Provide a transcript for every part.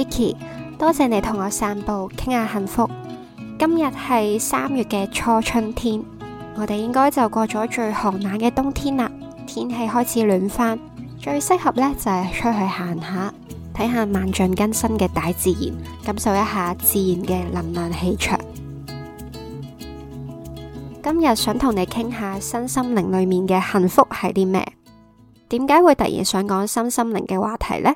Vicky，多謝你同我散步，傾下幸福。今日係三月嘅初春天，我哋應該就過咗最寒冷嘅冬天啦，天氣開始暖翻，最適合呢就係、是、出去行下，睇下萬象更新嘅大自然，感受一下自然嘅能量氣場。今日想同你傾下身心靈裏面嘅幸福係啲咩？點解會突然想講身心靈嘅話題呢？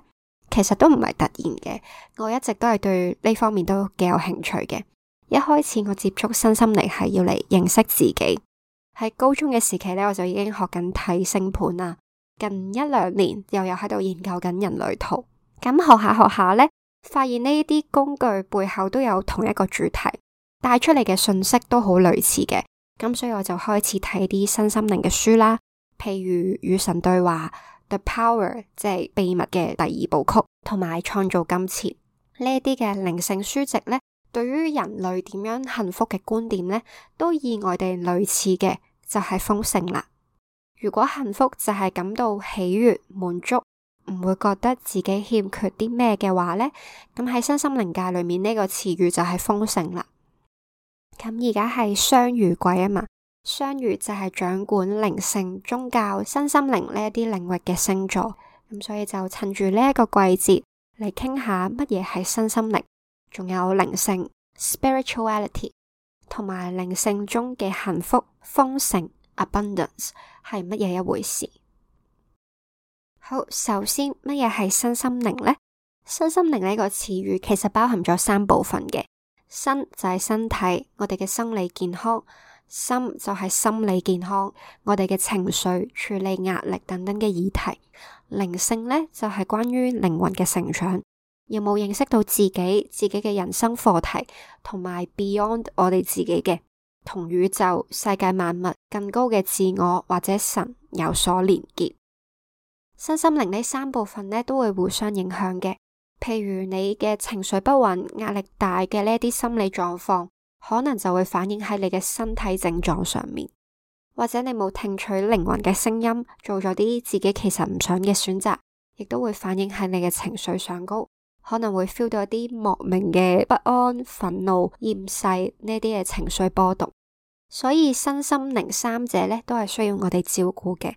其實都唔係突然嘅，我一直都係對呢方面都幾有興趣嘅。一開始我接觸身心靈係要嚟認識自己，喺高中嘅時期咧我就已經學緊睇星盤啦。近一兩年又有喺度研究緊人類圖，咁學下學下呢，發現呢啲工具背後都有同一個主題，帶出嚟嘅信息都好類似嘅。咁所以我就開始睇啲身心靈嘅書啦，譬如與神對話。嘅 power 即係秘密嘅第二部曲，同埋創造金錢呢一啲嘅靈性書籍呢，對於人類點樣幸福嘅觀點呢，都意外地類似嘅，就係豐盛啦。如果幸福就係感到喜悅、滿足，唔會覺得自己欠缺啲咩嘅話呢，咁喺身心靈界裏面呢個詞語就係豐盛啦。咁而家係雙魚季啊嘛。雙魚就係掌管靈性、宗教、身心靈呢一啲領域嘅星座，咁所以就趁住呢一個季節嚟傾下乜嘢係身心靈，仲有靈性 spirituality，同埋靈性中嘅幸福豐盛 abundance 係乜嘢一回事。好，首先乜嘢係身心靈呢？身心靈呢個詞語其實包含咗三部分嘅，身就係身體，我哋嘅生理健康。心就係心理健康，我哋嘅情緒處理壓力等等嘅議題。靈性呢，就係關於靈魂嘅成長，有冇認識到自己自己嘅人生課題，同埋 Beyond 我哋自己嘅同宇宙世界萬物更高嘅自我或者神有所連結。身心靈呢三部分呢，都會互相影響嘅，譬如你嘅情緒不穩、壓力大嘅呢啲心理狀況。可能就會反映喺你嘅身體症狀上面，或者你冇聽取靈魂嘅聲音，做咗啲自己其實唔想嘅選擇，亦都會反映喺你嘅情緒上高，可能會 feel 到一啲莫名嘅不安、憤怒、厭世呢啲嘅情緒波動。所以身心靈三者呢都係需要我哋照顧嘅。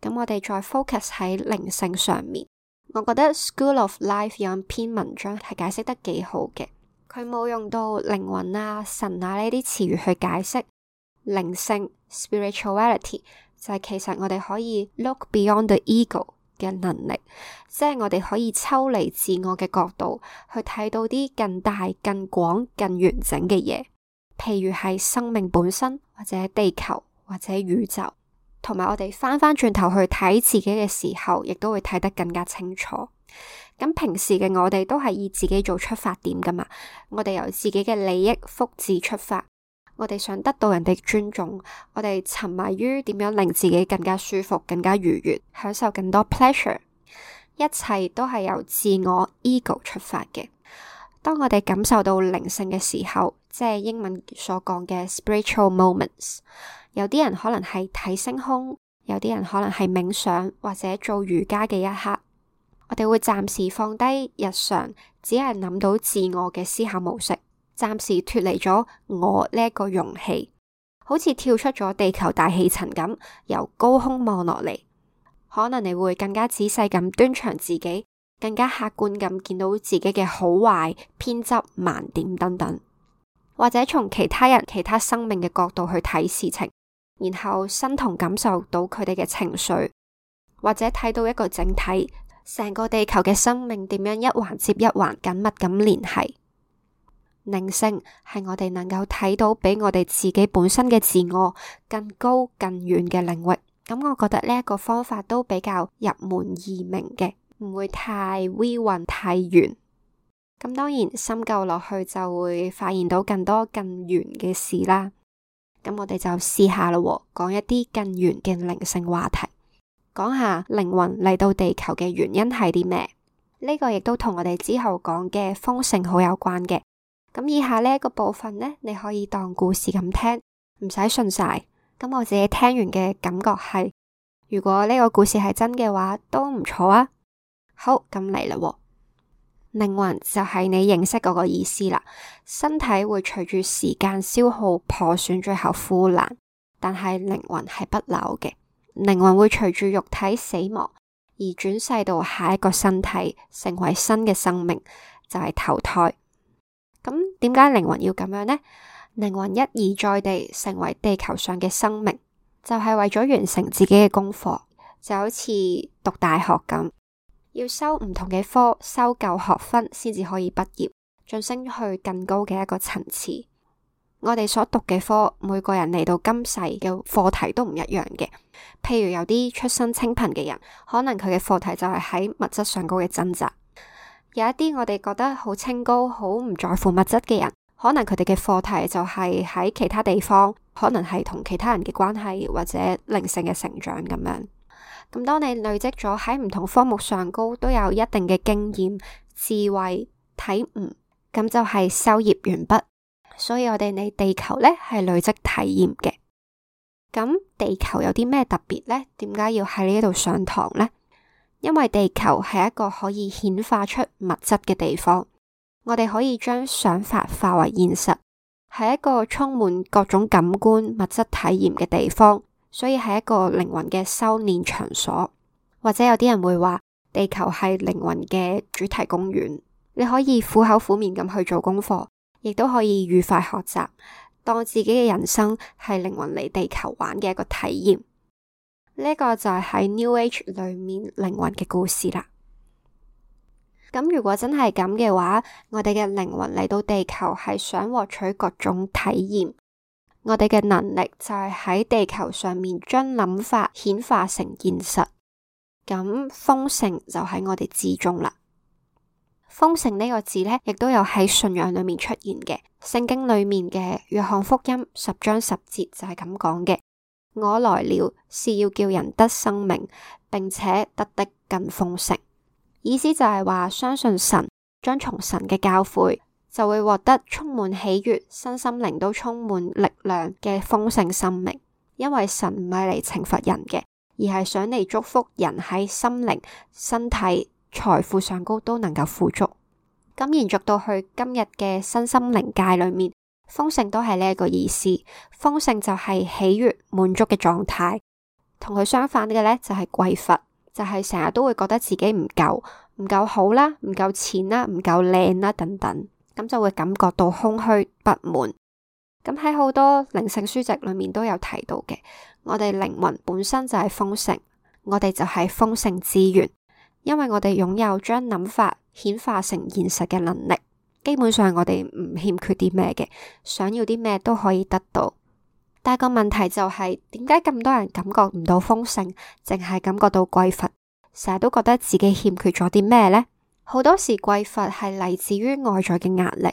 咁我哋再 focus 喺靈性上面，我覺得 School of Life 有篇文章係解釋得幾好嘅。佢冇用到靈魂啊、神啊呢啲詞語去解釋靈性 （spirituality），就係其實我哋可以 look beyond the ego 嘅能力，即係我哋可以抽離自我嘅角度去睇到啲更大、更廣、更完整嘅嘢，譬如係生命本身，或者地球，或者宇宙，同埋我哋翻返轉頭去睇自己嘅時候，亦都會睇得更加清楚。咁平時嘅我哋都係以自己做出發點噶嘛，我哋由自己嘅利益、福祉出發，我哋想得到人哋尊重，我哋沉迷於點樣令自己更加舒服、更加愉悅、享受更多 pleasure，一切都係由自我 ego 出發嘅。當我哋感受到靈性嘅時候，即係英文所講嘅 spiritual moments，有啲人可能係睇星空，有啲人可能係冥想或者做瑜伽嘅一刻。我哋會暫時放低日常，只係諗到自我嘅思考模式，暫時脫離咗我呢一個容器，好似跳出咗地球大氣層咁，由高空望落嚟，可能你會更加仔細咁端詳自己，更加客觀咁見到自己嘅好壞、偏執、盲點等等，或者從其他人、其他生命嘅角度去睇事情，然後身同感受到佢哋嘅情緒，或者睇到一個整體。成個地球嘅生命點樣一環接一環緊密咁聯繫？靈性係我哋能夠睇到比我哋自己本身嘅自我更高、更遠嘅領域。咁我覺得呢一個方法都比較入門易明嘅，唔會太微運太遠。咁當然深究落去就會發現到更多更遠嘅事啦。咁我哋就試下咯，講一啲更遠嘅靈性話題。講下靈魂嚟到地球嘅原因係啲咩？呢個亦都同我哋之後講嘅豐盛好有關嘅。咁以下呢個部分呢，你可以當故事咁聽，唔使信晒。咁我自己聽完嘅感覺係，如果呢個故事係真嘅話，都唔錯啊。好，咁嚟啦喎。靈魂就係你認識嗰個意思啦。身體會隨住時間消耗、破損，最後腐爛，但係靈魂係不朽嘅。靈魂會隨住肉體死亡而轉世到下一個身體，成為新嘅生命，就係投胎。咁點解靈魂要咁樣呢？靈魂一而再地成為地球上嘅生命，就係為咗完成自己嘅功課，就好似讀大學咁，要修唔同嘅科，修夠學分先至可以畢業，晉升去更高嘅一個層次。我哋所讀嘅科，每個人嚟到今世嘅課題都唔一樣嘅。譬如有啲出身清貧嘅人，可能佢嘅課題就係喺物質上高嘅掙扎；有一啲我哋覺得好清高、好唔在乎物質嘅人，可能佢哋嘅課題就係喺其他地方，可能係同其他人嘅關係或者靈性嘅成長咁樣。咁當你累積咗喺唔同科目上高都有一定嘅經驗、智慧、體悟，咁就係修業完畢。所以我哋嚟地球呢，係累積體驗嘅，咁地球有啲咩特別呢？點解要喺呢度上堂呢？因為地球係一個可以顯化出物質嘅地方，我哋可以將想法化為現實，係一個充滿各種感官物質體驗嘅地方，所以係一個靈魂嘅修煉場所。或者有啲人會話，地球係靈魂嘅主題公園，你可以苦口苦面咁去做功課。亦都可以愉快學習，當自己嘅人生係靈魂嚟地球玩嘅一個體驗。呢個就係喺 New Age 裏面靈魂嘅故事啦。咁如果真係咁嘅話，我哋嘅靈魂嚟到地球係想獲取各種體驗，我哋嘅能力就係喺地球上面將諗法顯化成現實，咁豐盛就喺我哋之中啦。豐盛呢個字呢，亦都有喺信仰裏面出現嘅。聖經裏面嘅約翰福音十章十節就係咁講嘅：我來了是要叫人得生命，並且得的更豐盛。意思就係話，相信神將從神嘅教誨，就會獲得充滿喜悅、身心靈都充滿力量嘅豐盛生命。因為神唔係嚟懲罰人嘅，而係想嚟祝福人喺心靈、身體財富上高都能夠富足，咁延續到去今日嘅身心靈界裏面，豐盛都係呢一個意思。豐盛就係喜悦滿足嘅狀態，同佢相反嘅呢，就係匱乏，就係成日都會覺得自己唔夠，唔夠好啦，唔夠錢啦，唔夠靚啦等等，咁就會感覺到空虛不滿。咁喺好多靈性書籍裏面都有提到嘅，我哋靈魂本身就係豐盛，我哋就係豐盛之源。因為我哋擁有將諗法顯化成現實嘅能力，基本上我哋唔欠缺啲咩嘅，想要啲咩都可以得到。但係個問題就係點解咁多人感覺唔到豐盛，淨係感覺到匱乏，成日都覺得自己欠缺咗啲咩呢？好多時匱乏係嚟自於外在嘅壓力，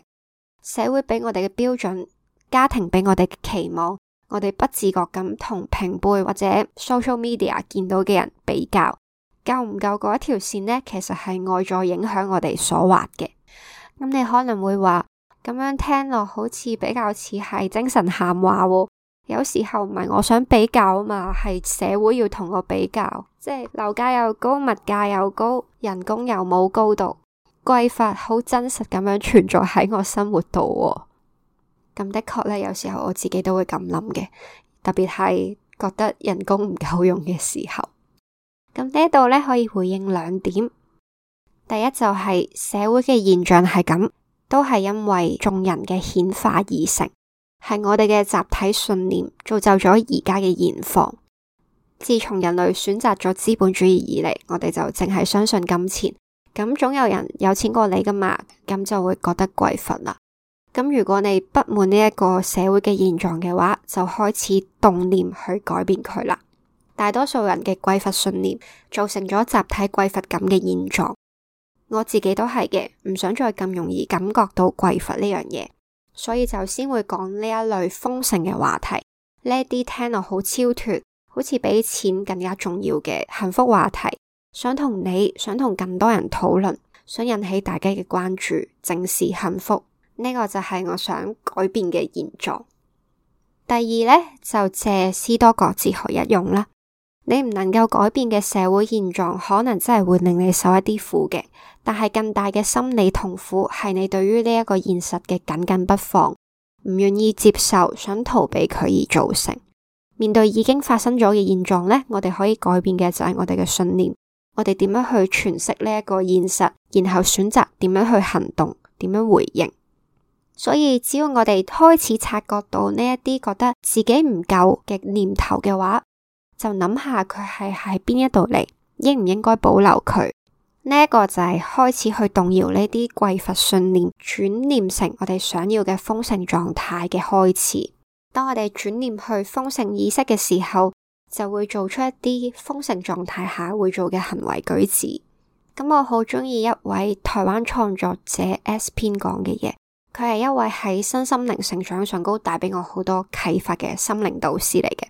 社會畀我哋嘅標準，家庭畀我哋嘅期望，我哋不自覺咁同平輩或者 social media 見到嘅人比較。夠唔夠？嗰一條線呢，其實係外在影響我哋所畫嘅。咁你可能會話咁樣聽落，好似比較似係精神喊話。有時候唔係我想比較啊嘛，係社會要同我比較，即係樓價又高，物價又高，人工又冇高度，匱乏好真實咁樣存在喺我生活度。咁的確呢，有時候我自己都會咁諗嘅，特別係覺得人工唔夠用嘅時候。咁呢度咧可以回應兩點，第一就係、是、社會嘅現象係咁，都係因為眾人嘅顯化而成，係我哋嘅集體信念造就咗而家嘅現況。自從人類選擇咗資本主義以嚟，我哋就淨係相信金錢。咁總有人有錢過你噶嘛，咁就會覺得匱乏啦。咁如果你不滿呢一個社會嘅現狀嘅話，就開始動念去改變佢啦。大多數人嘅匱乏信念造成咗集體匱乏感嘅現狀，我自己都係嘅，唔想再咁容易感覺到匱乏呢樣嘢，所以就先會講呢一類豐盛嘅話題，呢啲聽落好超脫，好似比錢更加重要嘅幸福話題，想同你想同更多人討論，想引起大家嘅關注，正視幸福，呢、呢個就係我想改變嘅現狀。第二呢，就借斯多葛哲學一用啦。你唔能夠改變嘅社會現狀，可能真係會令你受一啲苦嘅。但係更大嘅心理痛苦，係你對於呢一個現實嘅緊緊不放，唔願意接受，想逃避佢而造成。面對已經發生咗嘅現狀呢，我哋可以改變嘅就係我哋嘅信念，我哋點樣去詮釋呢一個現實，然後選擇點樣去行動，點樣回應。所以，只要我哋開始察覺到呢一啲覺得自己唔夠嘅念頭嘅話，就諗下佢係喺邊一度嚟，應唔應該保留佢？呢、這、一個就係開始去動搖呢啲匱乏信念，轉念成我哋想要嘅豐盛狀態嘅開始。當我哋轉念去豐盛意識嘅時候，就會做出一啲豐盛狀態下會做嘅行為舉止。咁、嗯、我好中意一位台灣創作者 S 篇講嘅嘢，佢係一位喺身心靈成長上高帶俾我好多啟發嘅心靈導師嚟嘅。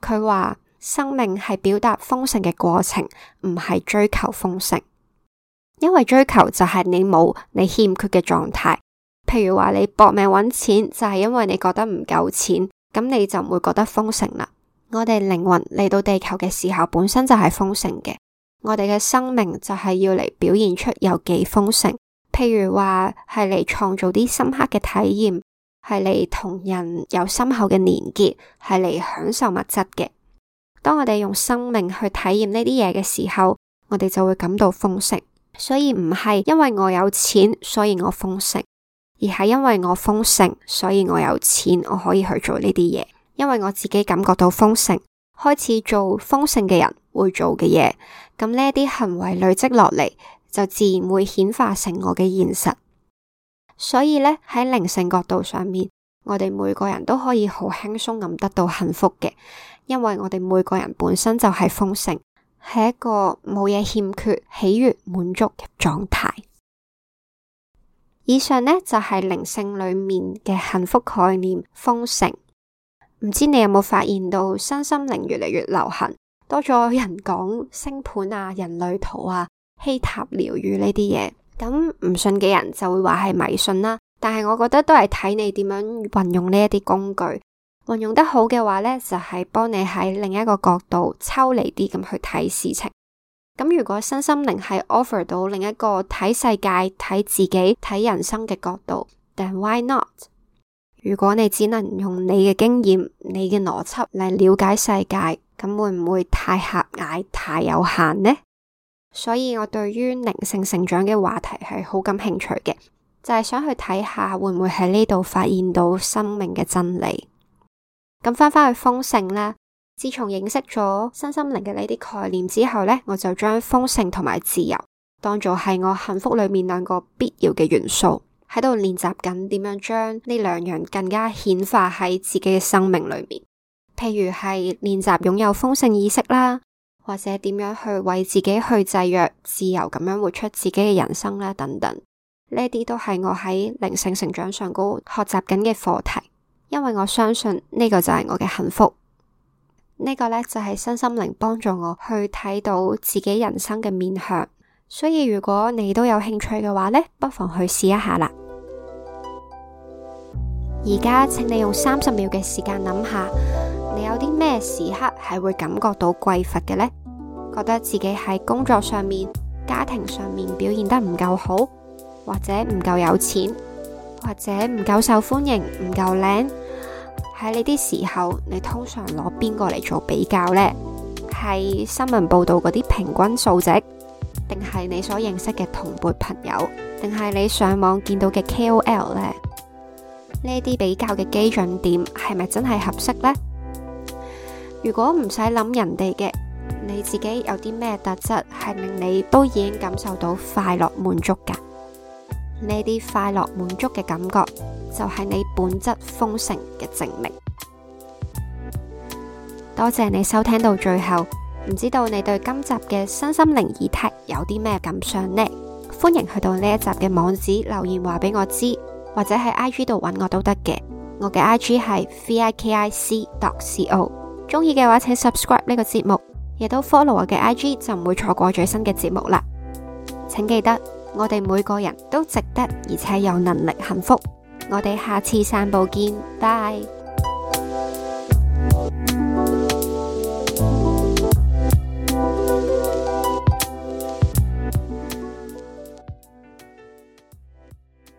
佢話。生命係表達豐盛嘅過程，唔係追求豐盛。因為追求就係你冇你欠缺嘅狀態。譬如話你搏命揾錢，就係因為你覺得唔夠錢，咁你就唔會覺得豐盛啦。我哋靈魂嚟到地球嘅時候，本身就係豐盛嘅。我哋嘅生命就係要嚟表現出有幾豐盛。譬如話係嚟創造啲深刻嘅體驗，係嚟同人有深厚嘅連結，係嚟享受物質嘅。當我哋用生命去體驗呢啲嘢嘅時候，我哋就會感到豐盛。所以唔係因為我有錢，所以我豐盛，而係因為我豐盛，所以我有錢，我可以去做呢啲嘢。因為我自己感覺到豐盛，開始做豐盛嘅人會做嘅嘢，咁呢啲行為累積落嚟，就自然會顯化成我嘅現實。所以咧，喺靈性角度上面，我哋每個人都可以好輕鬆咁得到幸福嘅。因為我哋每個人本身就係豐盛，係一個冇嘢欠缺、喜悅、滿足嘅狀態。以上呢就係、是、靈性裏面嘅幸福概念——豐盛。唔知你有冇發現到，身心靈越嚟越流行，多咗人講星盤啊、人類圖啊、希塔療癒呢啲嘢。咁唔信嘅人就會話係迷信啦，但係我覺得都係睇你點樣運用呢一啲工具。運用得好嘅話呢，就係幫你喺另一個角度抽離啲咁去睇事情。咁如果身心靈係 offer 到另一個睇世界、睇自己、睇人生嘅角度，then why not？如果你只能用你嘅經驗、你嘅邏輯嚟了解世界，咁會唔會太狹隘、太有限呢？所以我對於靈性成長嘅話題係好感興趣嘅，就係想去睇下會唔會喺呢度發現到生命嘅真理。咁返返去豐盛啦。自從認識咗身心靈嘅呢啲概念之後呢，我就將豐盛同埋自由當做係我幸福裏面兩個必要嘅元素，喺度練習緊點樣將呢兩樣更加顯化喺自己嘅生命裏面。譬如係練習擁有豐盛意識啦，或者點樣去為自己去制約自由，咁樣活出自己嘅人生啦，等等。呢啲都係我喺靈性成長上高學習緊嘅課題。因為我相信呢、這個就係我嘅幸福，呢、這個呢，就係、是、身心靈幫助我去睇到自己人生嘅面向。所以如果你都有興趣嘅話呢，不妨去試一下啦。而家請你用三十秒嘅時間諗下，你有啲咩時刻係會感覺到匱乏嘅呢？覺得自己喺工作上面，家庭上面表現得唔夠好，或者唔夠有錢。或者唔夠受歡迎，唔夠靚，喺呢啲時候，你通常攞邊個嚟做比較呢？係新聞報道嗰啲平均數值，定係你所認識嘅同輩朋友，定係你上網見到嘅 KOL 呢？呢啲比較嘅基準點係咪真係合適呢？如果唔使諗人哋嘅，你自己有啲咩特質係令你都已經感受到快樂滿足噶？呢啲快樂滿足嘅感覺就係你本質豐盛嘅證明。多謝你收聽到最後，唔知道你對今集嘅身心靈議題有啲咩感想呢？歡迎去到呢一集嘅網址留言，話俾我知，或者喺 I G 度搵我都得嘅。我嘅 I G 係 v i k i c dot c o。中意嘅話，請 subscribe 呢個節目，亦都 follow 我嘅 I G 就唔會錯過最新嘅節目啦。請記得。我哋每個人都值得，而且有能力幸福。我哋下次散步見，拜。